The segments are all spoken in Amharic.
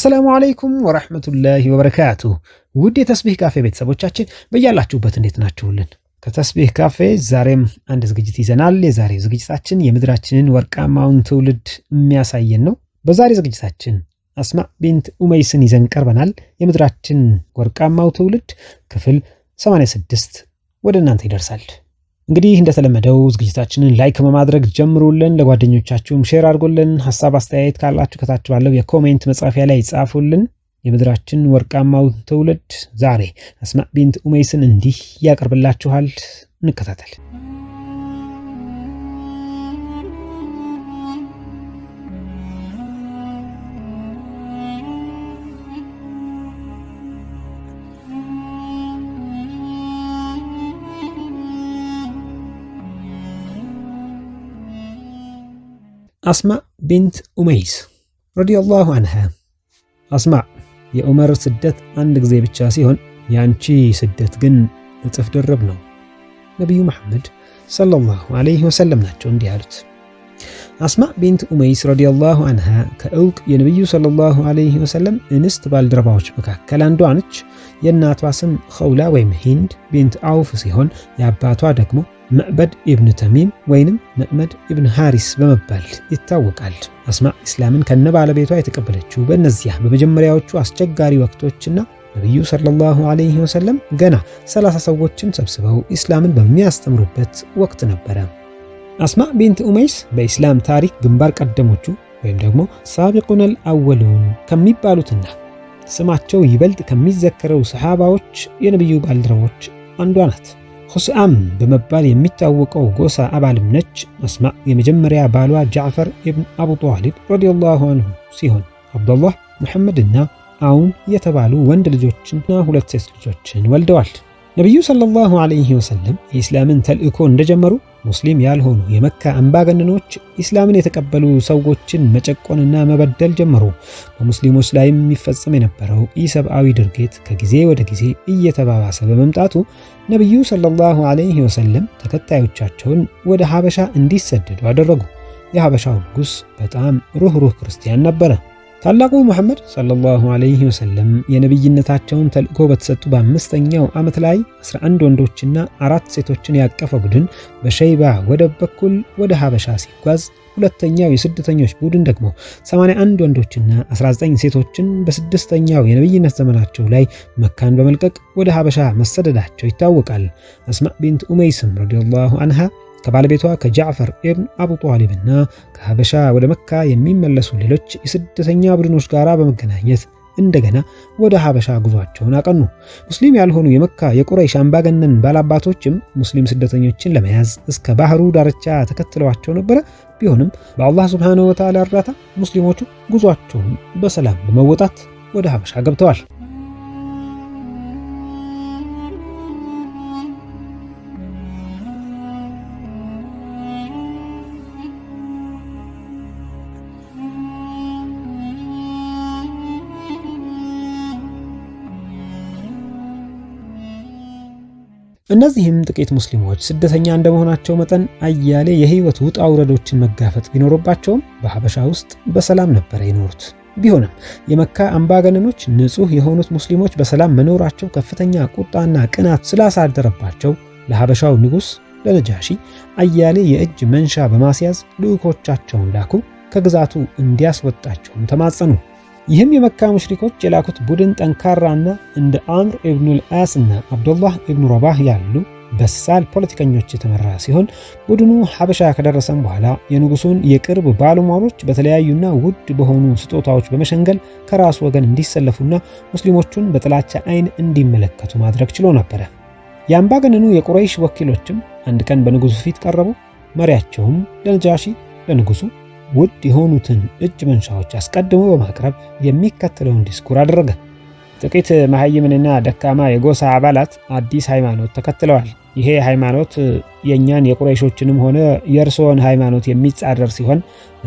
አሰላሙ አለይኩም ወረህመቱላሂ ወበረካቱሁ። ውድ የተስቢህ ካፌ ቤተሰቦቻችን በያላችሁበት እንዴት ናችሁልን? ከተስቢህ ካፌ ዛሬም አንድ ዝግጅት ይዘናል። የዛሬው ዝግጅታችን የምድራችንን ወርቃማውን ትውልድ የሚያሳየን ነው። በዛሬ ዝግጅታችን አስማ ቢንት ኡመይስን ይዘን ቀርበናል። የምድራችን ወርቃማው ትውልድ ክፍል 86 ወደ እናንተ ይደርሳል። እንግዲህ እንደተለመደው ዝግጅታችንን ላይክ በማድረግ ጀምሩልን፣ ለጓደኞቻችሁም ሼር አድርጎልን፣ ሀሳብ አስተያየት ካላችሁ ከታች ባለው የኮሜንት መጻፊያ ላይ ጻፉልን። የምድራችን ወርቃማው ትውልድ ዛሬ አስማዕ ቢንት ኡመይስን እንዲህ ያቀርብላችኋል። እንከታተል። አስማ ቢንት ኡመይስ ረዲየላሁ አንሃ አስማ የዑመር ስደት አንድ ጊዜ ብቻ ሲሆን የአንቺ ስደት ግን እጥፍ ድርብ ነው። ነቢዩ መሐመድ ሰለላሁ ዐለይሂ ወሰለም ናቸው እንዲህ አሉት። አስማ ቢንት ኡመይስ ረዲየላሁ አንሃ ከእውቅ የነቢዩ ሰለላሁ ዐለይሂ ወሰለም እንስት ባልደረባዎች መካከል አንዷ ነች። የእናቷ ስም ኸውላ ወይም ሂንድ ቢንት አውፍ ሲሆን የአባቷ ደግሞ መዕበድ ኢብን ተሚም ወይንም መዕመድ ኢብን ሃሪስ በመባል ይታወቃል። አስማ እስላምን ከነ ባለቤቷ የተቀበለችው በእነዚያ በመጀመሪያዎቹ አስቸጋሪ ወቅቶችና ነቢዩ ሰለላሁ ዐለይሂ ወሰለም ገና ሰላሳ ሰዎችን ሰብስበው ኢስላምን በሚያስተምሩበት ወቅት ነበረ። አስማ ቢንት ኡመይስ በኢስላም ታሪክ ግንባር ቀደሞቹ ወይም ደግሞ ሳቢቁን አወሉን ከሚባሉትና ስማቸው ይበልጥ ከሚዘከረው ሰሓባዎች የነቢዩ ባልደረቦች አንዷ ናት። ሁስአም በመባል የሚታወቀው ጎሳ አባልም ነች። መስማ የመጀመሪያ ባሏ ጃዕፈር ኢብን አቡ ጣሊብ ረዲየላሁ አንሁ ሲሆን አብዱላህ፣ መሐመድና አውን የተባሉ ወንድ ልጆችና ሁለት ሴት ልጆችን ወልደዋል። ነቢዩ ሰለላሁ ዐለይሂ ወሰለም የእስላምን ተልእኮ እንደጀመሩ ሙስሊም ያልሆኑ የመካ አምባገነኖች ኢስላምን የተቀበሉ ሰዎችን መጨቆንና መበደል ጀመሩ። በሙስሊሞች ላይ የሚፈጸም የነበረው ኢሰብአዊ ድርጊት ከጊዜ ወደ ጊዜ እየተባባሰ በመምጣቱ ነቢዩ ሰለላሁ ዐለይሂ ወሰለም ተከታዮቻቸውን ወደ ሀበሻ እንዲሰደዱ አደረጉ። የሀበሻው ንጉሥ በጣም ሩኅሩህ ክርስቲያን ነበረ። ታላቁ መሐመድ ሰለላሁ ዐለይሂ ወሰለም የነቢይነታቸውን ተልእኮ በተሰጡ በአምስተኛው ዓመት ላይ 11 ወንዶችና አራት ሴቶችን ያቀፈ ቡድን በሸይባ ወደብ በኩል ወደ ሀበሻ ሲጓዝ ሁለተኛው የስደተኞች ቡድን ደግሞ 81 ወንዶችና 19 ሴቶችን በስድስተኛው የነቢይነት ዘመናቸው ላይ መካን በመልቀቅ ወደ ሀበሻ መሰደዳቸው ይታወቃል። አስማ ቢንት ኡመይስም ረዲየላሁ አንሃ ከባለቤቷ ከጃዕፈር ኢብን አቡ ጧሊብና ከሀበሻ ወደ መካ የሚመለሱ ሌሎች የስደተኛ ቡድኖች ጋር በመገናኘት እንደገና ወደ ሀበሻ ጉዟቸውን አቀኑ። ሙስሊም ያልሆኑ የመካ የቁረይሽ አምባገነን ባላባቶችም ሙስሊም ስደተኞችን ለመያዝ እስከ ባህሩ ዳርቻ ተከትለዋቸው ነበረ። ቢሆንም በአላህ ሱብሓነሁ ወተዓላ እርዳታ ሙስሊሞቹ ጉዟቸውን በሰላም በመወጣት ወደ ሀበሻ ገብተዋል። እነዚህም ጥቂት ሙስሊሞች ስደተኛ እንደመሆናቸው መጠን አያሌ የህይወት ውጣ ውረዶችን መጋፈጥ ቢኖርባቸውም በሀበሻ ውስጥ በሰላም ነበረ የኖሩት። ቢሆንም የመካ አምባገነኖች ንጹህ የሆኑት ሙስሊሞች በሰላም መኖራቸው ከፍተኛ ቁጣና ቅናት ስላሳደረባቸው ለሀበሻው ንጉሥ ለነጃሺ አያሌ የእጅ መንሻ በማስያዝ ልዑኮቻቸውን ላኩ። ከግዛቱ እንዲያስወጣቸውም ተማጸኑ። ይህም የመካ ሙሽሪኮች የላኩት ቡድን ጠንካራና እንደ አምር ኢብኑል አስ እና አብዱላህ ኢብኑ ረባህ ያሉ በሳል ፖለቲከኞች የተመራ ሲሆን ቡድኑ ሐበሻ ከደረሰም በኋላ የንጉሱን የቅርብ ባለሟሎች በተለያዩና ውድ በሆኑ ስጦታዎች በመሸንገል ከራሱ ወገን እንዲሰለፉና ሙስሊሞቹን በጥላቻ ዓይን እንዲመለከቱ ማድረግ ችሎ ነበረ። የአምባገነኑ የቁረይሽ ወኪሎችም አንድ ቀን በንጉሱ ፊት ቀረቡ። መሪያቸውም ለነጃሺ ለንጉሱ ውድ የሆኑትን እጅ መንሻዎች አስቀድሞ በማቅረብ የሚከተለውን ዲስኩር አደረገ። ጥቂት መሀይምንና ደካማ የጎሳ አባላት አዲስ ሃይማኖት ተከትለዋል። ይሄ ሃይማኖት የእኛን የቁረይሾችንም ሆነ የእርስዎን ሃይማኖት የሚጻረር ሲሆን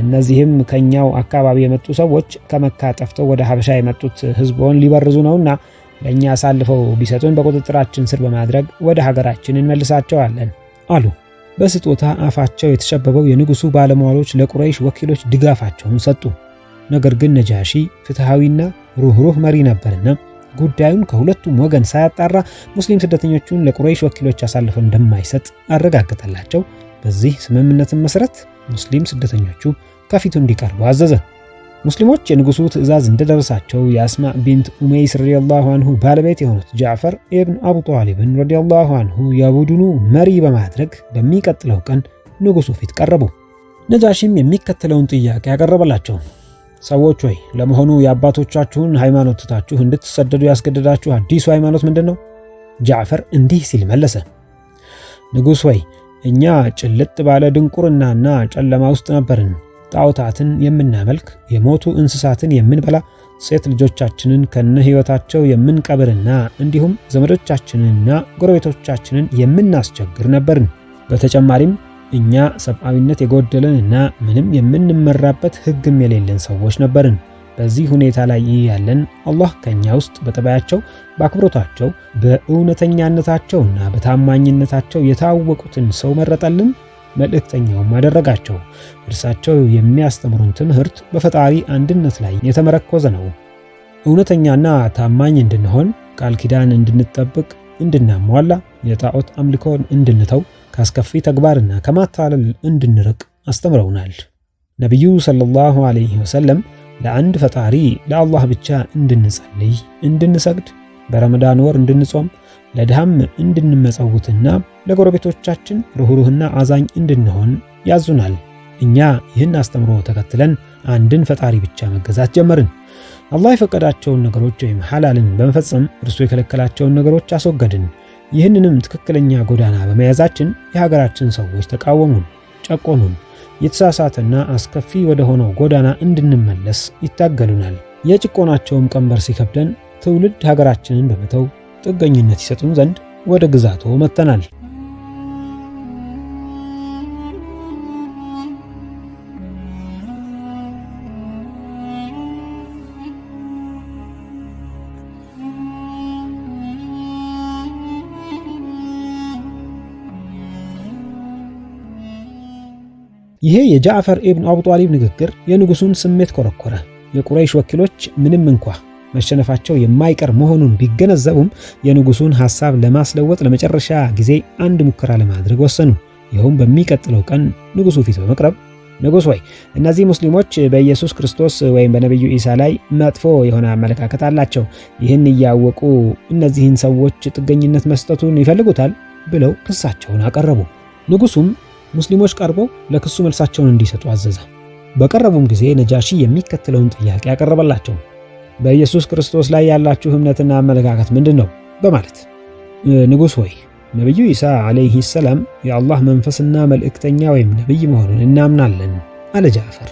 እነዚህም ከኛው አካባቢ የመጡ ሰዎች ከመካ ጠፍተው ወደ ሀበሻ የመጡት ህዝቦን ሊበርዙ ነውና ለእኛ አሳልፈው ቢሰጡን በቁጥጥራችን ስር በማድረግ ወደ ሀገራችን እንመልሳቸዋለን አሉ። በስጦታ አፋቸው የተሸበበው የንጉሱ ባለሟሎች ለቁረይሽ ወኪሎች ድጋፋቸውን ሰጡ። ነገር ግን ነጃሺ ፍትሐዊና ሩህሩህ መሪ ነበርና ጉዳዩን ከሁለቱም ወገን ሳያጣራ ሙስሊም ስደተኞቹን ለቁረይሽ ወኪሎች አሳልፎ እንደማይሰጥ አረጋገጠላቸው። በዚህ ስምምነትን መሰረት ሙስሊም ስደተኞቹ ከፊቱ እንዲቀርቡ አዘዘ። ሙስሊሞች የንጉሱ ትእዛዝ እንደደረሳቸው የአስማ ቢንት ኡመይስ ረዲየላሁ አንሁ ባለቤት የሆኑት ጃዕፈር ኢብን አቡ ጣሊብን ረዲየላሁ አንሁ የቡድኑ መሪ በማድረግ በሚቀጥለው ቀን ንጉሱ ፊት ቀረቡ። ነጃሽም የሚከተለውን ጥያቄ ያቀረበላቸው፣ ሰዎች ወይ ለመሆኑ የአባቶቻችሁን ሃይማኖት ትታችሁ እንድትሰደዱ ያስገደዳችሁ አዲሱ ሃይማኖት ምንድን ነው? ጃዕፈር እንዲህ ሲል መለሰ፣ ንጉሥ ወይ እኛ ጭልጥ ባለ ድንቁርናና ጨለማ ውስጥ ነበርን ጣዖታትን የምናመልክ የሞቱ እንስሳትን የምንበላ ሴት ልጆቻችንን ከነ ሕይወታቸው የምንቀብርና እንዲሁም ዘመዶቻችንንና ጎረቤቶቻችንን የምናስቸግር ነበርን። በተጨማሪም እኛ ሰብአዊነት የጎደለንና ምንም የምንመራበት ሕግም የሌለን ሰዎች ነበርን። በዚህ ሁኔታ ላይ ያለን አላህ ከኛ ውስጥ በጠባያቸው፣ በአክብሮታቸው፣ በእውነተኛነታቸውና በታማኝነታቸው የታወቁትን ሰው መረጠልን። መልእክተኛውም አደረጋቸው። እርሳቸው የሚያስተምሩን ትምህርት በፈጣሪ አንድነት ላይ የተመረኮዘ ነው። እውነተኛና ታማኝ እንድንሆን፣ ቃል ኪዳን እንድንጠብቅ፣ እንድናሟላ፣ የጣዖት አምልኮን እንድንተው፣ ከአስከፊ ተግባርና ከማታለል እንድንርቅ አስተምረውናል። ነቢዩ ሰለላሁ ዐለይሂ ወሰለም ለአንድ ፈጣሪ ለአላህ ብቻ እንድንጸልይ፣ እንድንሰግድ፣ በረመዳን ወር እንድንጾም ለድሃም እንድንመጸውትና ለጎረቤቶቻችን ርኅሩህና አዛኝ እንድንሆን ያዙናል። እኛ ይህን አስተምሮ ተከትለን አንድን ፈጣሪ ብቻ መገዛት ጀመርን። አላህ የፈቀዳቸውን ነገሮች ወይም ሐላልን በመፈጸም እርሱ የከለከላቸውን ነገሮች አስወገድን። ይህንንም ትክክለኛ ጎዳና በመያዛችን የሀገራችን ሰዎች ተቃወሙን፣ ጨቆኑን። የተሳሳተና አስከፊ ወደ ሆነው ጎዳና እንድንመለስ ይታገሉናል። የጭቆናቸውም ቀንበር ሲከብደን ትውልድ ሀገራችንን በመተው ጥገኝነት ይሰጡን ዘንድ ወደ ግዛቱ መጥተናል። ይሄ የጃዕፈር ኢብን አቡ ጣሊብ ንግግር የንጉሱን ስሜት ኮረኮረ። የቁረይሽ ወኪሎች ምንም እንኳ መሸነፋቸው የማይቀር መሆኑን ቢገነዘቡም የንጉሱን ሐሳብ ለማስለወጥ ለመጨረሻ ጊዜ አንድ ሙከራ ለማድረግ ወሰኑ። ይኸውም በሚቀጥለው ቀን ንጉሱ ፊት በመቅረብ ንጉሥ ወይ እነዚህ ሙስሊሞች በኢየሱስ ክርስቶስ ወይም በነቢዩ ኢሳ ላይ መጥፎ የሆነ አመለካከት አላቸው። ይህን እያወቁ እነዚህን ሰዎች ጥገኝነት መስጠቱን ይፈልጉታል ብለው ክሳቸውን አቀረቡ። ንጉሱም ሙስሊሞች ቀርበው ለክሱ መልሳቸውን እንዲሰጡ አዘዘ። በቀረቡም ጊዜ ነጃሺ የሚከተለውን ጥያቄ አቀረበላቸው። በኢየሱስ ክርስቶስ ላይ ያላችሁ እምነትና አመለካከት ምንድን ነው? በማለት ንጉሥ ሆይ ነቢዩ ኢሳ ዓለይህ ሰላም የአላህ መንፈስና መልእክተኛ ወይም ነቢይ መሆኑን እናምናለን አለ ጃዕፈር።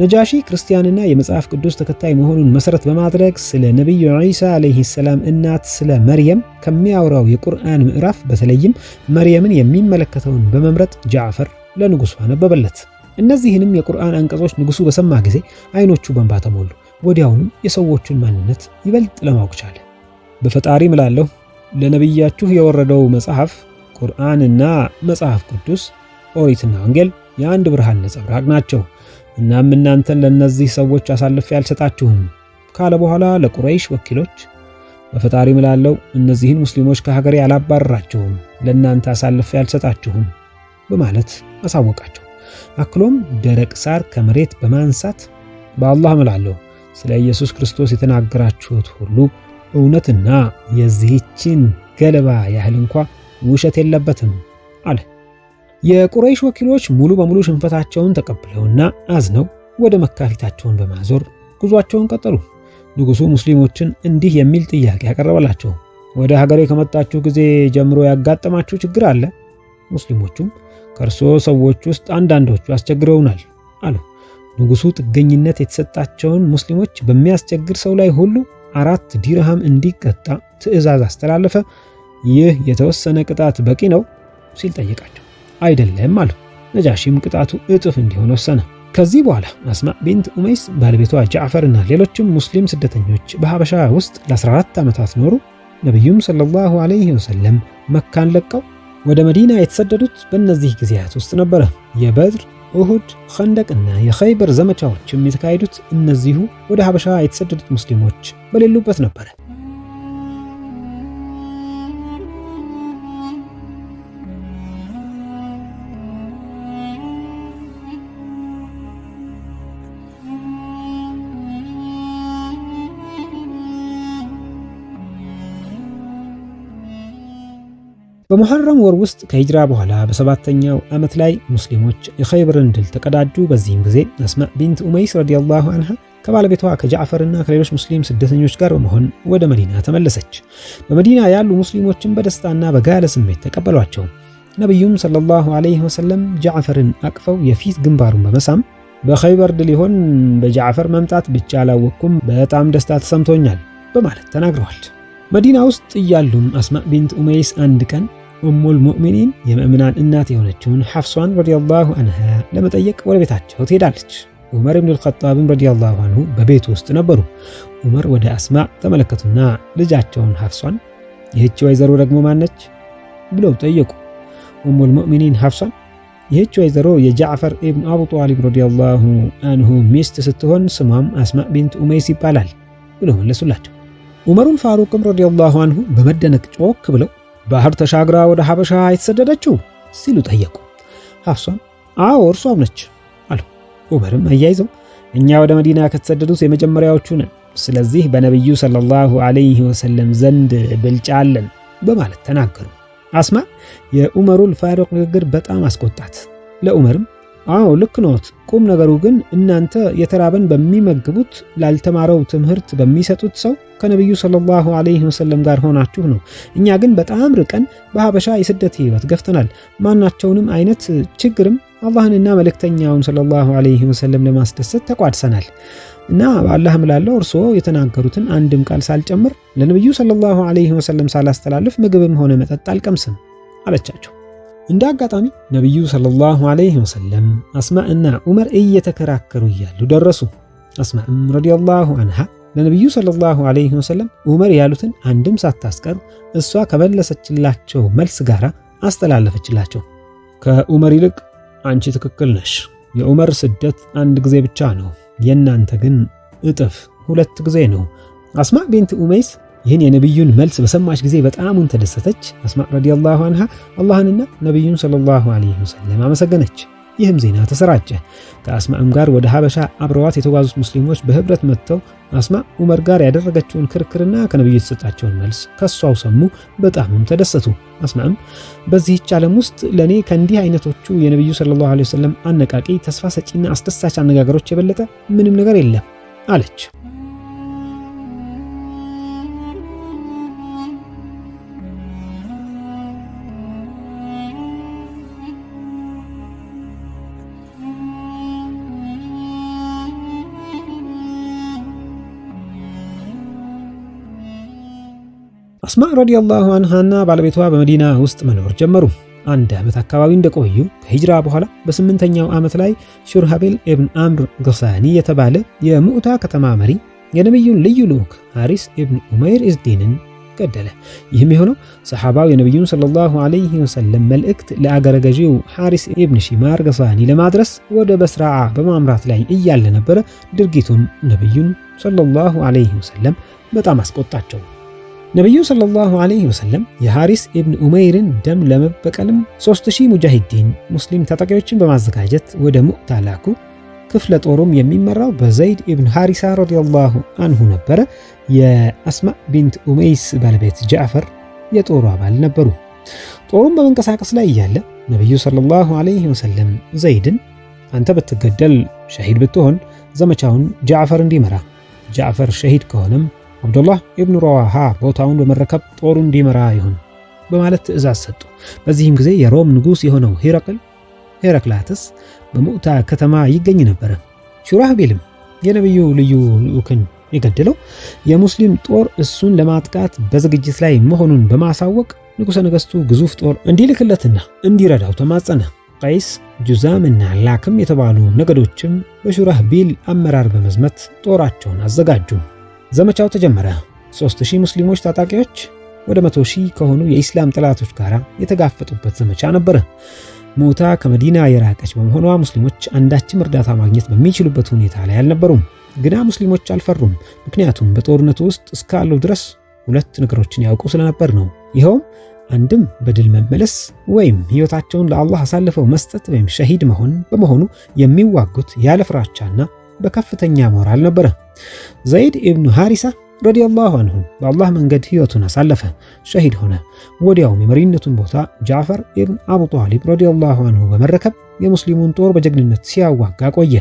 ነጃሺ ክርስቲያንና የመጽሐፍ ቅዱስ ተከታይ መሆኑን መሠረት በማድረግ ስለ ነቢዩ ዒሳ ዓለይህ ሰላም እናት ስለ መርየም ከሚያወራው የቁርአን ምዕራፍ በተለይም መርየምን የሚመለከተውን በመምረጥ ጃዕፈር ለንጉሡ አነበበለት። እነዚህንም የቁርአን አንቀጾች ንጉሡ በሰማ ጊዜ አይኖቹ በእንባ ተሞሉ። ወዲያውኑም የሰዎቹን ማንነት ይበልጥ ለማወቅ ቻለ። በፈጣሪ ምላለሁ ለነቢያችሁ የወረደው መጽሐፍ ቁርአንና መጽሐፍ ቅዱስ ኦሪትና ወንጌል የአንድ ብርሃን ነጸብራቅ ናቸው። እናም እናንተን ለእነዚህ ሰዎች አሳልፌ አልሰጣችሁም ካለ በኋላ ለቁረይሽ ወኪሎች በፈጣሪ ምላለሁ እነዚህን ሙስሊሞች ከሀገሬ አላባረራችሁም፣ ለእናንተ አሳልፌ አልሰጣችሁም በማለት አሳወቃቸው። አክሎም ደረቅ ሳር ከመሬት በማንሳት በአላህ ምላለሁ ስለ ኢየሱስ ክርስቶስ የተናገራችሁት ሁሉ እውነትና የዚህችን ገለባ ያህል እንኳ ውሸት የለበትም አለ። የቁረይሽ ወኪሎች ሙሉ በሙሉ ሽንፈታቸውን ተቀብለውና አዝነው ወደ መካ ፊታቸውን በማዞር ጉዟቸውን ቀጠሉ። ንጉሡ ሙስሊሞችን እንዲህ የሚል ጥያቄ ያቀረበላቸው፣ ወደ ሀገሬ ከመጣችሁ ጊዜ ጀምሮ ያጋጠማችሁ ችግር አለ? ሙስሊሞቹም ከእርሶ ሰዎች ውስጥ አንዳንዶቹ አስቸግረውናል አሉ። ንጉሱ ጥገኝነት የተሰጣቸውን ሙስሊሞች በሚያስቸግር ሰው ላይ ሁሉ አራት ዲርሃም እንዲቀጣ ትእዛዝ አስተላለፈ። ይህ የተወሰነ ቅጣት በቂ ነው ሲል ጠየቃቸው። አይደለም አሉ። ነጃሺም ቅጣቱ እጥፍ እንዲሆን ወሰነ። ከዚህ በኋላ አስማ ቢንት ኡመይስ ባለቤቷ እና ሌሎችም ሙስሊም ስደተኞች በሀበሻ ውስጥ ለ14 ዓመታት ኖሩ። ነቢዩም ሰለላሁ ዐለይሂ ወሰለም መካን ለቀው ወደ መዲና የተሰደዱት በእነዚህ ጊዜያት ውስጥ ነበረ። የበድር ኡሁድ፣ ኸንደቅና የኸይበር ዘመቻዎችም የተካሄዱት እነዚሁ ወደ ሀበሻ የተሰደዱት ሙስሊሞች በሌሉበት ነበረ። በሙሐረም ወር ውስጥ ከሂጅራ በኋላ በሰባተኛው ዓመት ላይ ሙስሊሞች የኸይብርን ድል ተቀዳጁ። በዚህም ጊዜ አስማ ቢንት ኡመይስ ረዲያላሁ አንሃ ከባለቤቷ ከጃዕፈርና ከሌሎች ሙስሊም ስደተኞች ጋር በመሆን ወደ መዲና ተመለሰች። በመዲና ያሉ ሙስሊሞችን በደስታና በጋለ ስሜት ተቀበሏቸው። ነቢዩም ሰለላሁ ዐለይሂ ወሰለም ጃዕፈርን አቅፈው የፊት ግንባሩን በመሳም በኸይበር ድል ይሆን በጃዕፈር መምጣት ብቻ አላወቅኩም፣ በጣም ደስታ ተሰምቶኛል በማለት ተናግረዋል። መዲና ውስጥ እያሉም አስማ ቢንት ኡመይስ አንድ ቀን ኡሙል ሙእሚኒን የምእምናን እናት የሆነችውን ሐፍሷን ረዲየላሁ አንሃ ለመጠየቅ ወደ ቤታቸው ትሄዳለች። ዑመር ብን ልኸጣብም ረዲየላሁ አንሁ በቤት ውስጥ ነበሩ። ዑመር ወደ አስማ ተመለከቱና ልጃቸውን ሐፍሷን ይህች ወይዘሮ ደግሞ ማነች ብለው ጠየቁ። ኡሙል ሙእሚኒን ሐፍሷን ይህች ወይዘሮ የጃዕፈር ኢብን አቡ ጣሊብ ረዲየላሁ አንሁ ሚስት ስትሆን ስሟም አስማ ቢንት ኡመይስ ይባላል ብለው መለሱላቸው። ዑመሩል ፋሩቅም ረዲየላሁ አንሁ በመደነቅ ጮክ ብለው ባህር ተሻግራ ወደ ሀበሻ የተሰደደችው ሲሉ ጠየቁ። ሐፍሷም አዎ እርሷም ነች አሉ። ዑመርም አያይዘው እኛ ወደ መዲና ከተሰደዱት የመጀመሪያዎቹ ነን፣ ስለዚህ በነቢዩ ሰለላሁ ዐለይሂ ወሰለም ዘንድ ብልጫ አለን በማለት ተናገሩ። አስማ የዑመሩል ፋሩቅ ንግግር በጣም አስቆጣት። ለዑመርም አዎ ልክ ኖት። ቁም ነገሩ ግን እናንተ የተራበን በሚመግቡት ላልተማረው ትምህርት በሚሰጡት ሰው ከነቢዩ ሰለላሁ ዐለይሂ ወሰለም ጋር ሆናችሁ ነው። እኛ ግን በጣም ርቀን በሀበሻ የስደት ህይወት ገፍተናል። ማናቸውንም አይነት ችግርም አላህንና መልእክተኛውን ሰለላሁ ዐለይሂ ወሰለም ለማስደሰት ተቋድሰናል እና አላህ ምላለው እርስዎ የተናገሩትን አንድም ቃል ሳልጨምር ለነቢዩ ሰለላሁ ዐለይሂ ወሰለም ሳላስተላልፍ ምግብም ሆነ መጠጥ አልቀምስም አለቻቸው። እንደ አጋጣሚ ነቢዩ ሰለላሁ ዐለይሂ ወሰለም አስማ ዑመር እየተከራከሩ እያሉ ደረሱ። አስማዕም ረዲየላሁ አንሃ ለነቢዩ ሰለላሁ ዐለይሂ ወሰለም ዑመር ያሉትን አንድም ሳታስቀር እሷ ከመለሰችላቸው መልስ ጋር አስተላለፈችላቸው። ከዑመር ይልቅ አንቺ ትክክል ነሽ። የዑመር ስደት አንድ ጊዜ ብቻ ነው፣ የእናንተ ግን እጥፍ ሁለት ጊዜ ነው። አስማ ቢንት ኡመይስ ይህን የነቢዩን መልስ በሰማች ጊዜ በጣሙን ተደሰተች። አስማዕ ረዲየላሁ አንሃ አላህንና ነቢዩን ሰለላሁ ዐለይሂ ወሰለም አመሰገነች። ይህም ዜና ተሰራጨ። ከአስማዕም ጋር ወደ ሀበሻ አብረዋት የተጓዙት ሙስሊሞች በህብረት መጥተው አስማዕ ዑመር ጋር ያደረገችውን ክርክርና ከነቢዩ የተሰጣቸውን መልስ ከሷው ሰሙ፣ በጣምም ተደሰቱ። አስማዕም በዚህች ዓለም ውስጥ ለእኔ ከእንዲህ አይነቶቹ የነቢዩ ሰለላሁ ዐለይሂ ወሰለም አነቃቂ፣ ተስፋ ሰጪና አስደሳች አነጋገሮች የበለጠ ምንም ነገር የለም አለች። አስማ ረዲየላሁ አንሃና ባለቤቷ በመዲና ውስጥ መኖር ጀመሩ። አንድ ዓመት አካባቢ እንደቆዩ ከሂጅራ በኋላ በስምንተኛው ዓመት ላይ ሹርሃቤል ኢብን አምር ገሳኒ የተባለ የሙዕታ ከተማ መሪ የነቢዩን ልዩ ልዑክ ሐሪስ ኢብን ኡመይር ኢዝዲንን ገደለ። ይህም የሆነው ሰሓባው የነቢዩን ሰለላሁ ዓለይህ ወሰለም መልእክት ለአገረ ገዢው ሐሪስ ኢብን ሺማር ገሳኒ ለማድረስ ወደ በስራዓ በማምራት ላይ እያለ ነበረ። ድርጊቱም ነቢዩን ሰለላሁ ዐለይሂ ወሰለም በጣም አስቆጣቸው። ነቢዩ ሰለላሁ ዐለይሂ ወሰለም የሐሪስ ኢብን ኡመይርን ደም ለመበቀልም 3000 ሙጃሂዲን ሙስሊም ታጣቂዎችን በማዘጋጀት ወደ ሙዕታ ላኩ። ክፍለ ጦሩም የሚመራው በዘይድ ኢብን ሐሪሳ ረዲየላሁ አንሁ ነበረ። የአስማ ቢንት ኡመይስ ባለቤት ጃዕፈር የጦሩ አባል ነበሩ። ጦሩም በመንቀሳቀስ ላይ እያለ ነቢዩ ሰለላሁ ዐለይሂ ወሰለም ዘይድን አንተ ብትገደል ሸሂድ ብትሆን ዘመቻውን ጃዕፈር እንዲመራ ጃዕፈር ሸሂድ ከሆነም አብዱላህ ኢብኑ ረዋሃ ቦታውን በመረከብ ጦሩ እንዲመራ ይሁን በማለት ትእዛዝ ሰጡ። በዚህም ጊዜ የሮም ንጉሥ የሆነው ሄረቅል ሄረክላትስ በሙዕታ ከተማ ይገኝ ነበረ። ሹራህቤልም የነቢዩ ልዩ ልዑክን የገደለው የሙስሊም ጦር እሱን ለማጥቃት በዝግጅት ላይ መሆኑን በማሳወቅ ንጉሠ ነገሥቱ ግዙፍ ጦር እንዲልክለትና እንዲረዳው ተማጸነ። ቀይስ ጁዛምና ላክም የተባሉ ነገዶችም በሹራህቢል አመራር በመዝመት ጦራቸውን አዘጋጁ። ዘመቻው ተጀመረ። 3000 ሙስሊሞች ታጣቂዎች ወደ 100000 ከሆኑ የኢስላም ጠላቶች ጋር የተጋፈጡበት ዘመቻ ነበረ። ሞታ ከመዲና የራቀች በመሆኗ ሙስሊሞች አንዳችም እርዳታ ማግኘት በሚችሉበት ሁኔታ ላይ አልነበሩም። ግና ሙስሊሞች አልፈሩም። ምክንያቱም በጦርነቱ ውስጥ እስካሉ ድረስ ሁለት ነገሮችን ያውቁ ስለነበር ነው። ይኸውም አንድም በድል መመለስ ወይም ሕይወታቸውን ለአላህ አሳልፈው መስጠት ወይም ሸሂድ መሆን በመሆኑ የሚዋጉት ያለ ፍራቻና በከፍተኛ ሞራል ነበረ። ዘይድ ኢብኑ ሃሪሳ ረዲየላሁ አንሁ በአላህ መንገድ ህይወቱን አሳለፈ፣ ሸሂድ ሆነ። ወዲያውም የመሪነቱን ቦታ ጃፈር ኢብን አቡ ጣሊብ ረዲየላሁ አንሁ በመረከብ የሙስሊሙን ጦር በጀግንነት ሲያዋጋ ቆየ።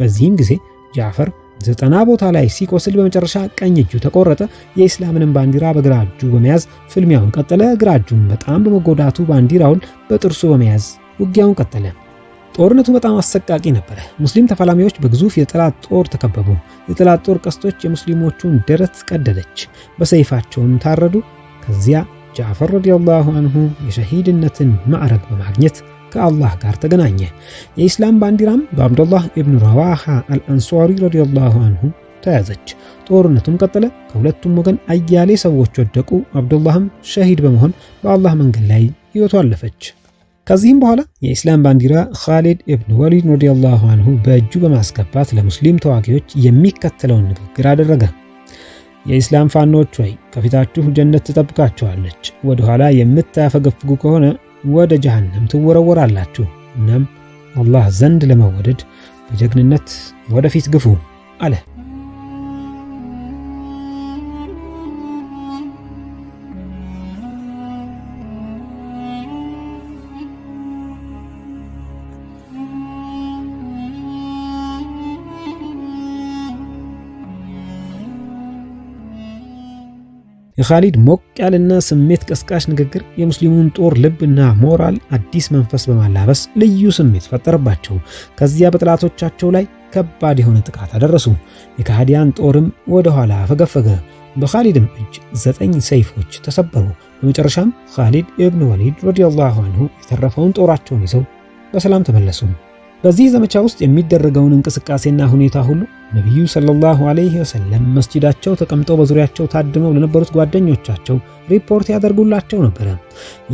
በዚህም ጊዜ ጃፈር ዘጠና ቦታ ላይ ሲቆስል በመጨረሻ ቀኝ እጁ ተቆረጠ። የኢስላምንም ባንዲራ በግራ እጁ በመያዝ ፍልሚያውን ቀጠለ። ግራ እጁን በጣም በመጎዳቱ ባንዲራውን በጥርሱ በመያዝ ውጊያውን ቀጠለ። ጦርነቱ በጣም አሰቃቂ ነበረ። ሙስሊም ተፋላሚዎች በግዙፍ የጠላት ጦር ተከበቡ። የጠላት ጦር ቀስቶች የሙስሊሞቹን ደረት ቀደደች፣ በሰይፋቸውም ታረዱ። ከዚያ ጃዕፈር ረዲየላሁ አንሁ የሸሂድነትን ማዕረግ በማግኘት ከአላህ ጋር ተገናኘ። የኢስላም ባንዲራም በአብዱላህ ኢብኑ ረዋሃ አልአንሷሪ ረዲየላሁ አንሁ ተያዘች። ጦርነቱም ቀጠለ። ከሁለቱም ወገን አያሌ ሰዎች ወደቁ። አብዱላህም ሸሂድ በመሆን በአላህ መንገድ ላይ ሕይወቱ አለፈች። ከዚህም በኋላ የኢስላም ባንዲራ ኻሊድ ኢብን ወሊድ ረዲየላሁ አንሁ በእጁ በማስገባት ለሙስሊም ተዋጊዎች የሚከተለውን ንግግር አደረገ። የኢስላም ፋኖች ወይ ከፊታችሁ ጀነት ትጠብቃችኋለች። ወደኋላ የምታፈገፍጉ ከሆነ ወደ ጀሃነም ትወረወራላችሁ። እናም አላህ ዘንድ ለመወደድ በጀግንነት ወደፊት ግፉ አለ። የኻሊድ ሞቅ ያለና ስሜት ቀስቃሽ ንግግር የሙስሊሙን ጦር ልብና ሞራል አዲስ መንፈስ በማላበስ ልዩ ስሜት ፈጠረባቸው። ከዚያ በጠላቶቻቸው ላይ ከባድ የሆነ ጥቃት አደረሱ። የካህዲያን ጦርም ወደ ኋላ ፈገፈገ። በኻሊድም እጅ ዘጠኝ ሰይፎች ተሰበሩ። በመጨረሻም ኻሊድ ኢብን ወሊድ ረዲየላሁ አንሁ የተረፈውን ጦራቸውን ይዘው በሰላም ተመለሱ። በዚህ ዘመቻ ውስጥ የሚደረገውን እንቅስቃሴና ሁኔታ ሁሉ ነቢዩ ሰለላሁ ዐለይሂ ወሰለም መስጂዳቸው ተቀምጠው በዙሪያቸው ታድመው ለነበሩት ጓደኞቻቸው ሪፖርት ያደርጉላቸው ነበረ።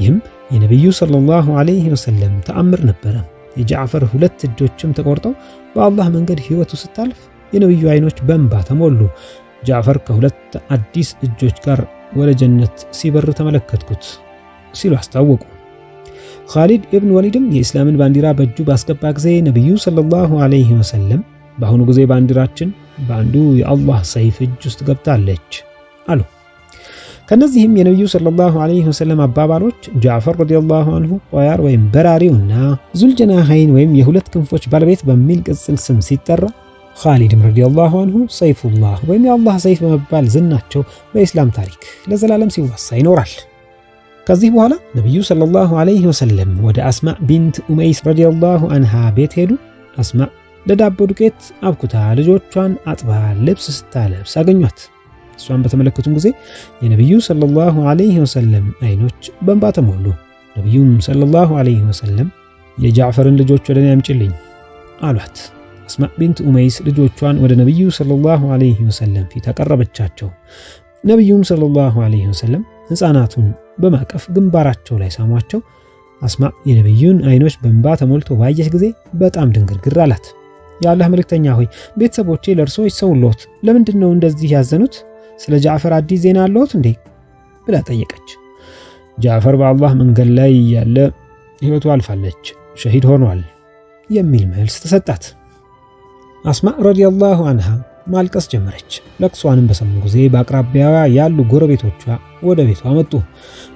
ይህም የነቢዩ ሰለላሁ ዐለይሂ ወሰለም ተአምር ነበረ። የጃዕፈር ሁለት እጆችም ተቆርጠው በአላህ መንገድ ሕይወቱ ስታልፍ የነቢዩ አይኖች በእንባ ተሞሉ። ጃዕፈር ከሁለት አዲስ እጆች ጋር ወደ ጀነት ሲበር ተመለከትኩት ሲሉ አስታወቁ። ኻሊድ እብን ወሊድም የእስላምን ባንዲራ በእጁ ባስገባ ጊዜ ነቢዩ ሰለላሁ ዓለይህ ወሰለም በአሁኑ ጊዜ ባንዲራችን በአንዱ የአላህ ሰይፍ እጅ ውስጥ ገብታለች አሉ። ከነዚህም የነቢዩ ሰለላሁ ዐለይሂ ወሰለም አባባሎች ጃዕፈር ረዲየላሁ አንሁ ጦያር ወይም በራሪውና ዙልጀናሃይን ወይም የሁለት ክንፎች ባለቤት በሚል ቅጽል ስም ሲጠራ ኻሊድም ረዲየላሁ አንሁ ሰይፉላህ ወይም የአላህ ሰይፍ በመባል ዝናቸው በኢስላም ታሪክ ለዘላለም ሲወሳ ይኖራል። ከዚህ በኋላ ነቢዩ ሰለላሁ ዐለይሂ ወሰለም ወደ አስማዕ ቢንት ኡመይስ ረዲየላሁ አንሃ ቤት ሄዱ። አስማዕ ለዳቦ ዱቄት አብኩታ ልጆቿን አጥባ ልብስ ስታለብስ አገኟት። እሷን በተመለከቱም ጊዜ የነቢዩ ሰለላሁ ዐለይሂ ወሰለም አይኖች በእንባ ተሞሉ። ነቢዩም ሰለላሁ ዐለይሂ ወሰለም የጃዕፈርን ልጆች ወደ እኔ አምጪልኝ አሏት። አስማዕ ቢንት ኡመይስ ልጆቿን ወደ ነቢዩ ሰለላሁ ዐለይሂ ወሰለም ፊት አቀረበቻቸው። ነቢዩም ሰለላሁ ዐለይሂ ወሰለም ሕፃናቱን በማቀፍ ግንባራቸው ላይ ሳሟቸው። አስማ የነቢዩን አይኖች በእንባ ተሞልቶ ባየች ጊዜ በጣም ድንግርግር አላት። የአላህ መልእክተኛ ሆይ ቤተሰቦቼ ለእርሶ ይሰውልዎት፣ ለምንድን ነው እንደዚህ ያዘኑት? ስለ ጃዕፈር አዲስ ዜና አለዎት እንዴ? ብላ ጠየቀች። ጃዕፈር በአላህ መንገድ ላይ ያለ ህይወቱ አልፋለች፣ ሸሂድ ሆኗል የሚል መልስ ተሰጣት። አስማ ረዲየላሁ አንሃ ማልቀስ ጀመረች። ለቅሷንም በሰሙ ጊዜ በአቅራቢያዋ ያሉ ጎረቤቶቿ ወደ ቤቷ መጡ።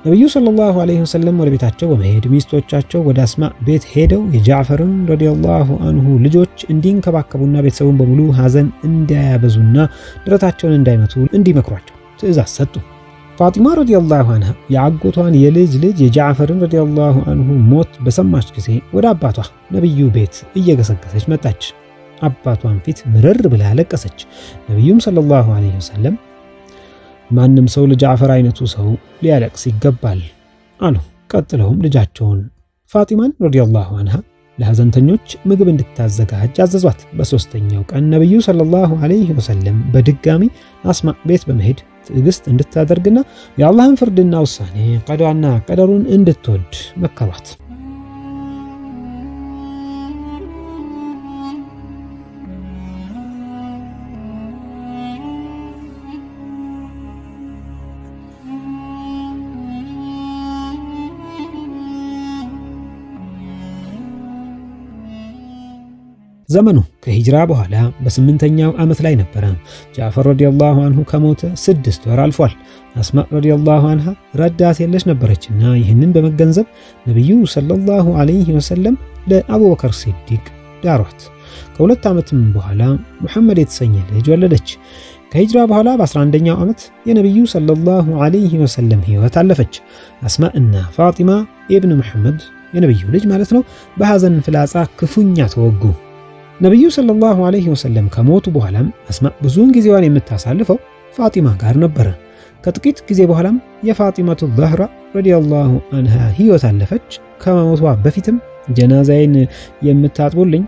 ነቢዩ ሰለላሁ ዐለይሂ ወሰለም ወደ ቤታቸው በመሄድ ሚስቶቻቸው ወደ አስማ ቤት ሄደው የጃዕፈርን ረዲየላሁ አንሁ ልጆች እንዲንከባከቡና ቤተሰቡን በሙሉ ሐዘን እንዳያበዙና ድረታቸውን እንዳይመቱ እንዲመክሯቸው ትእዛዝ ሰጡ። ፋጢማ ረዲየላሁ አንሃ የአጎቷን የልጅ ልጅ የጃዕፈርን ረዲየላሁ አንሁ ሞት በሰማች ጊዜ ወደ አባቷ ነቢዩ ቤት እየገሰገሰች መጣች። አባቷን ፊት ምርር ብላ ለቀሰች ነቢዩም ሰለላሁ ዐለይሂ ወሰለም ማንም ሰው ለጃዕፈር አይነቱ ሰው ሊያለቅስ ይገባል አሉ። ቀጥለውም ልጃቸውን ፋጢማን ረዲየላሁ አንሃ ለሐዘንተኞች ምግብ እንድታዘጋጅ አዘዟት። በሦስተኛው ቀን ነቢዩ ሰለላሁ ዐለይሂ ወሰለም በድጋሚ አስማ ቤት በመሄድ ትዕግስት እንድታደርግና የአላህን ፍርድና ውሳኔ ቀዷና ቀደሩን እንድትወድ መከሯት። ዘመኑ ከሂጅራ በኋላ በስምንተኛው ዓመት ላይ ነበረ። ጃፈር ረዲየላሁ አንሁ ከሞተ ስድስት ወር አልፏል። አስማዕ ረዲየላሁ አንሃ ረዳት የለሽ ነበረችና ይህንን በመገንዘብ ነቢዩ ሰለላሁ ዐለይሂ ወሰለም ለአቡበከር ሲዲቅ ዳሯት። ከሁለት ዓመትም በኋላ ሙሐመድ የተሰኘ ልጅ ወለደች። ከሂጅራ በኋላ በ11ኛው ዓመት የነቢዩ ሰለላሁ ዐለይሂ ወሰለም ሕይወት አለፈች። አስማዕ እና ፋጢማ ኢብን ሙሐመድ የነቢዩ ልጅ ማለት ነው፣ በሐዘን ፍላጻ ክፉኛ ተወጉ። ነቢዩ ሰለላሁ ዐለይሂ ወሰለም ከሞቱ በኋላም አስማ ብዙውን ጊዜዋን የምታሳልፈው ፋጢማ ጋር ነበረ። ከጥቂት ጊዜ በኋላም የፋጢማቱ ዛህራ ረዲየላሁ አንሃ ሕይወት አለፈች። ከመሞቷ በፊትም ጀናዛዬን የምታጥቡልኝ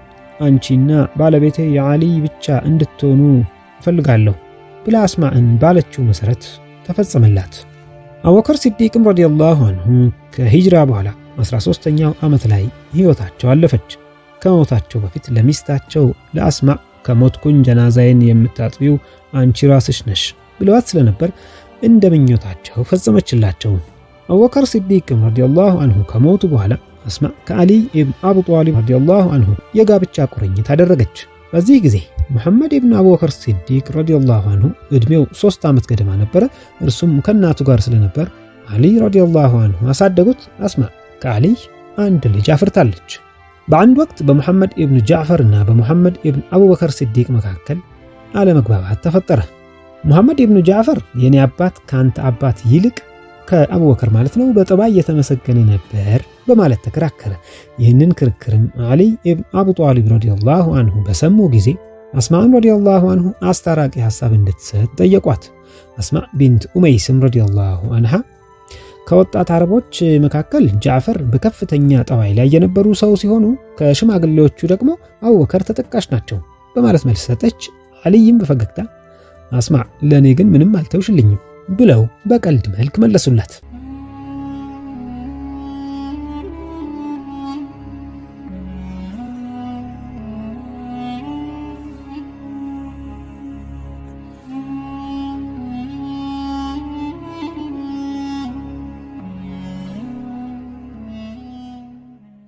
አንቺና ባለቤቴ የዓሊ ብቻ እንድትሆኑ እፈልጋለሁ ብላ አስማዕን ባለችው መሠረት ተፈጸመላት። አቡበከር ሲዲቅም ረዲየላሁ አንሁ ከሂጅራ በኋላ 13ኛው ዓመት ላይ ሕይወታቸው አለፈች። ከመሞታቸው በፊት ለሚስታቸው ለአስማ ከሞትኩኝ ጀናዛዬን የምታጥቢው አንቺ ራስሽ ነሽ ብለዋት ስለነበር እንደ ምኞታቸው ፈጸመችላቸው። አቡበከር ሲዲቅም ረዲየላሁ አንሁ ከሞቱ በኋላ አስማ ከአሊ ኢብን አቡ ጣሊብ ረዲየላሁ አንሁ የጋብቻ ቁርኝት አደረገች። በዚህ ጊዜ መሐመድ ኢብን አቡበከር ሲዲቅ ረዲየላሁ አንሁ ዕድሜው ሶስት ዓመት ገደማ ነበረ። እርሱም ከእናቱ ጋር ስለነበር አሊ ረዲየላሁ አንሁ አሳደጉት። አስማ ከአሊ አንድ ልጅ አፍርታለች። በአንድ ወቅት በሙሐመድ ኢብን ጃዕፈር እና በሙሐመድ ኢብን አቡበከር ስዲቅ መካከል አለመግባባት ተፈጠረ። ሙሐመድ ኢብኑ ጃዕፈር የእኔ አባት ከአንተ አባት ይልቅ ከአቡበከር ማለት ነው በጠባይ የተመሰገነ ነበር በማለት ተከራከረ። ይህንን ክርክርም ዓሊ ኢብን አቡ ጣሊብ ረዲየላሁ አንሁ በሰሙ ጊዜ አስማዕን ረዲየላሁ አንሁ አስታራቂ ሐሳብ እንድትሰጥ ጠየቋት። አስማዕ ቢንት ኡመይስም ረዲየላሁ አንሃ ከወጣት አረቦች መካከል ጃዕፈር በከፍተኛ ጠባይ ላይ የነበሩ ሰው ሲሆኑ ከሽማግሌዎቹ ደግሞ አቡበከር ተጠቃሽ ናቸው በማለት መልስ ሰጠች። አልይም በፈገግታ አስማ፣ ለእኔ ግን ምንም አልተውሽልኝም ብለው በቀልድ መልክ መለሱላት።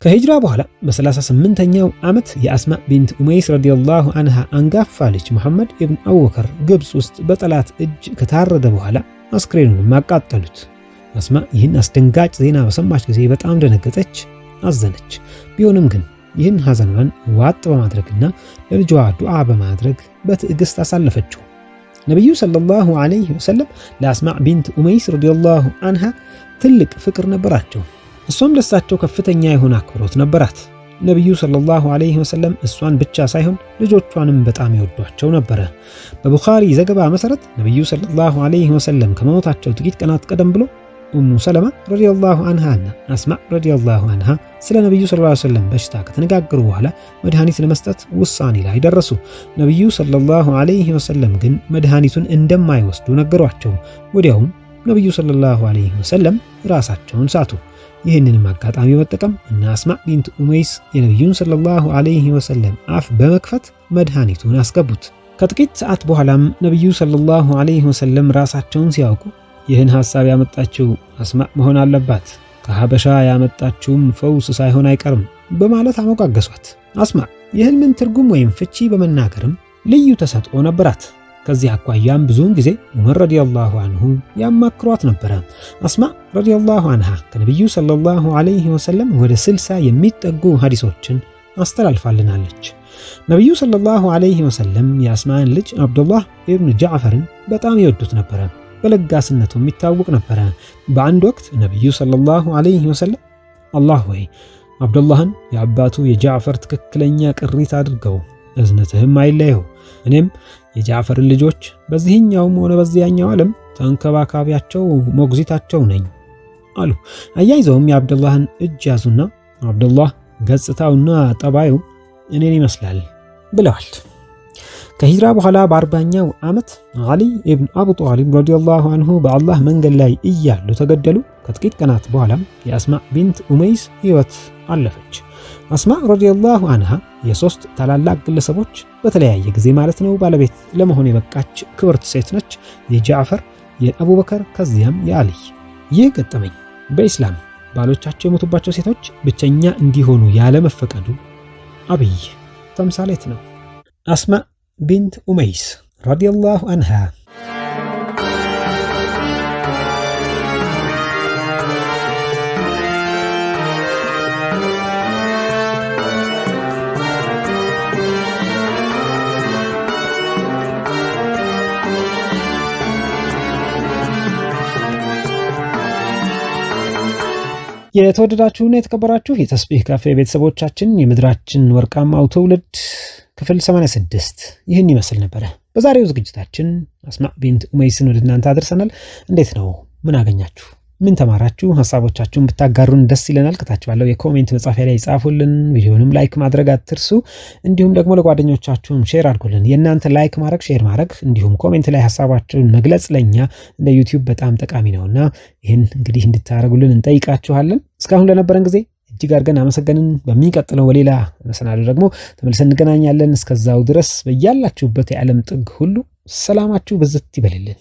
ከሂጅራ በኋላ በ38ኛው ዓመት የአስማ ቢንት ኡመይስ ረዲየላሁ አንሃ አንጋፋ ልጅ መሐመድ ኢብን አቡበከር ግብፅ ውስጥ በጠላት እጅ ከታረደ በኋላ አስክሬኑንም አቃጠሉት። አስማ ይህን አስደንጋጭ ዜና በሰማች ጊዜ በጣም ደነገጠች፣ አዘነች። ቢሆንም ግን ይህን ሐዘኗን ዋጥ በማድረግና ለልጇ ዱዓ በማድረግ በትዕግሥት አሳለፈችው። ነቢዩ ሰለላሁ ዐለይሂ ወሰለም ለአስማ ቢንት ኡመይስ ረዲየላሁ አንሃ ትልቅ ፍቅር ነበራቸው። እሷም ለሳቸው ከፍተኛ የሆነ አክብሮት ነበራት። ነቢዩ ሰለላሁ ዐለይሂ ወሰለም እሷን ብቻ ሳይሆን ልጆቿንም በጣም ይወዷቸው ነበረ። በቡኻሪ ዘገባ መሰረት ነቢዩ ሰለላሁ ዐለይሂ ወሰለም ከመሞታቸው ጥቂት ቀናት ቀደም ብሎ ኡሙ ሰለማ ረዲየላሁ አንሃ እና አስማዕ ረዲየላሁ አንሃ ስለ ነቢዩ ሰለላሁ ዐለይሂ ወሰለም በሽታ ከተነጋገሩ በኋላ መድኃኒት ለመስጠት ውሳኔ ላይ ደረሱ። ነቢዩ ሰለላሁ ዐለይሂ ወሰለም ግን መድኃኒቱን እንደማይወስዱ ነገሯቸው። ወዲያውም ነቢዩ ሰለላሁ ዐለይሂ ወሰለም ራሳቸውን ሳቱ። ይህንንም አጋጣሚ በመጠቀም እና አስማ ቢንት ኡመይስ የነቢዩን ሰለላሁ ዐለይሂ ወሰለም አፍ በመክፈት መድኃኒቱን አስገቡት። ከጥቂት ሰዓት በኋላም ነቢዩ ሰለላሁ ዐለይሂ ወሰለም ራሳቸውን ሲያውቁ ይህን ሐሳብ ያመጣችው አስማ መሆን አለባት፣ ከሀበሻ ያመጣችውም ፈውስ ሳይሆን አይቀርም በማለት አሞጋገሷት። አስማ የህልምን ትርጉም ወይም ፍቺ በመናገርም ልዩ ተሰጥኦ ነበራት። ከዚህ አኳያም ብዙውን ጊዜ ዑመር ረዲየላሁ አንሁ ያማክሯት ነበረ። አስማ ረዲየላሁ አንሃ ከነቢዩ ሰለላሁ ዐለይሂ ወሰለም ወደ ስልሳ የሚጠጉ ሐዲሶችን አስተላልፋልናለች። ነቢዩ ሰለላሁ ዐለይሂ ወሰለም የአስማን ልጅ አብዱላህ ኢብን ጃዕፈርን በጣም ይወዱት ነበረ። በለጋስነቱ የሚታወቅ ነበረ። በአንድ ወቅት ነቢዩ ሰለላሁ ዐለይሂ ወሰለም አላህ ወይ አብዱላህን የአባቱ የጃዕፈር ትክክለኛ ቅሪት አድርገው እዝነትህም አይለየው እኔም የጃፈርን ልጆች በዚህኛውም ሆነ በዚያኛው ዓለም ተንከባካቢያቸው፣ ሞግዚታቸው ነኝ አሉ። አያይዘውም የአብደላህን እጅ ያዙና አብደላህ ገጽታውና ጠባዩ እኔን ይመስላል ብለዋል። ከሂጅራ በኋላ በአርባኛው ዓመት ዓሊ ኢብን አቡ ጣሊብ ረዲየላሁ አንሁ በአላህ መንገድ ላይ እያሉ ተገደሉ። ከጥቂት ቀናት በኋላም የአስማ ቢንት ኡመይስ ሕይወት አለፈች። አስማ ረዲየላሁ አንሃ የሶስት ታላላቅ ግለሰቦች በተለያየ ጊዜ ማለት ነው ባለቤት ለመሆን የበቃች ክብርት ሴት ነች። የጃዕፈር፣ የአቡበከር ከዚያም የአልይ። ይህ ገጠመኝ በኢስላም ባሎቻቸው የሞቱባቸው ሴቶች ብቸኛ እንዲሆኑ ያለመፈቀዱ አብይ ተምሳሌት ነው። አስማ ቢንት ኡመይስ ረዲየላሁ አንሃ የተወደዳችሁና የተከበራችሁ የተስቢህ ካፌ ቤተሰቦቻችን የምድራችን ወርቃማው ትውልድ ክፍል 86 ይህን ይመስል ነበረ። በዛሬው ዝግጅታችን አስማ ቢንት ኡመይስን ወደ እናንተ አድርሰናል። እንዴት ነው? ምን አገኛችሁ? ምን ተማራችሁ? ሀሳቦቻችሁን ብታጋሩን ደስ ይለናል። ከታች ባለው የኮሜንት መጻፊያ ላይ ጻፉልን። ቪዲዮንም ላይክ ማድረግ አትርሱ። እንዲሁም ደግሞ ለጓደኞቻችሁም ሼር አድርጉልን። የእናንተ ላይክ ማድረግ፣ ሼር ማድረግ እንዲሁም ኮሜንት ላይ ሀሳባችሁን መግለጽ ለእኛ እንደ ዩቲዩብ በጣም ጠቃሚ ነውና ይህን እንግዲህ እንድታደርጉልን እንጠይቃችኋለን። እስካሁን ለነበረን ጊዜ እጅግ አድርገን አመሰገንን። በሚቀጥለው በሌላ መሰናዶ ደግሞ ተመልሰን እንገናኛለን። እስከዛው ድረስ በያላችሁበት የዓለም ጥግ ሁሉ ሰላማችሁ ብዝት ይበልልን።